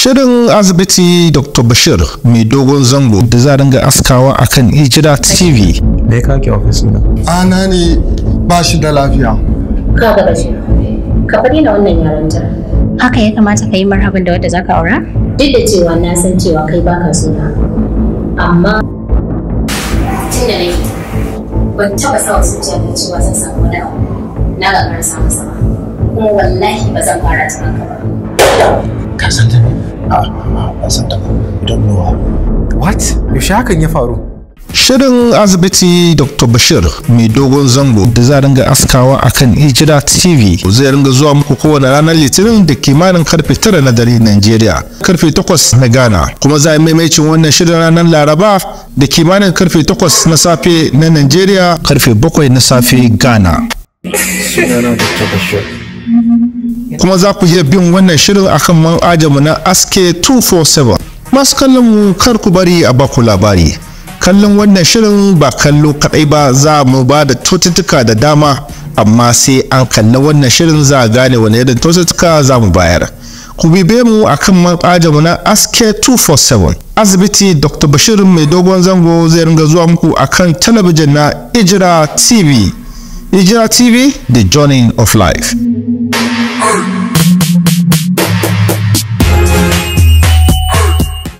Shirin asibiti Dr. Bashir mai dogon zango da za dinga askawa akan Hijira TV. Me ya kake ofis na? Ana ne ba shi da lafiya. Ka Bashir, ka faɗi na wannan ta. Haka ya kamata ka yi marhaban da wadda za ka aura? Duk da cewa na san cewa kai baka suna. Amma tun da nake ban taba sa wasu da cewa zan samu wani abu. Na gagarar samu sama. Kuma wallahi ba zan fara ta ba. Ka san ta ne? Ah, a san ta ba. Idan What? Yaushe hakan ya faru? Shirin asibiti Dr. Bashir mai dogon zango da za ringa askawa a kan Hijira TV zai ringa zuwa muku kowane ranar Litinin da kimanin karfe 9 na dare Najeriya, karfe 8 na Ghana. Kuma za a maimacin wannan shirin ranar Laraba da kimanin karfe 8 na safe na Najeriya, karfe 7 na safe Ghana. Sunana Dr. Bashir. kuma za ku iya bin wannan shirin akan ajamu na aske 247 masu kallon mu kar ku bari a baku labari kallon wannan shirin ba kallo kadai ba za mu ba da cututtuka da dama amma sai an kalli wannan shirin za a gane wani irin tututtuka za mu bayar ku bibe mu akan ajamu na aske 247 asibiti dr bashir mai dogon zango zai ringa zuwa muku akan talabijin na ijira tv ijira tv the journey of life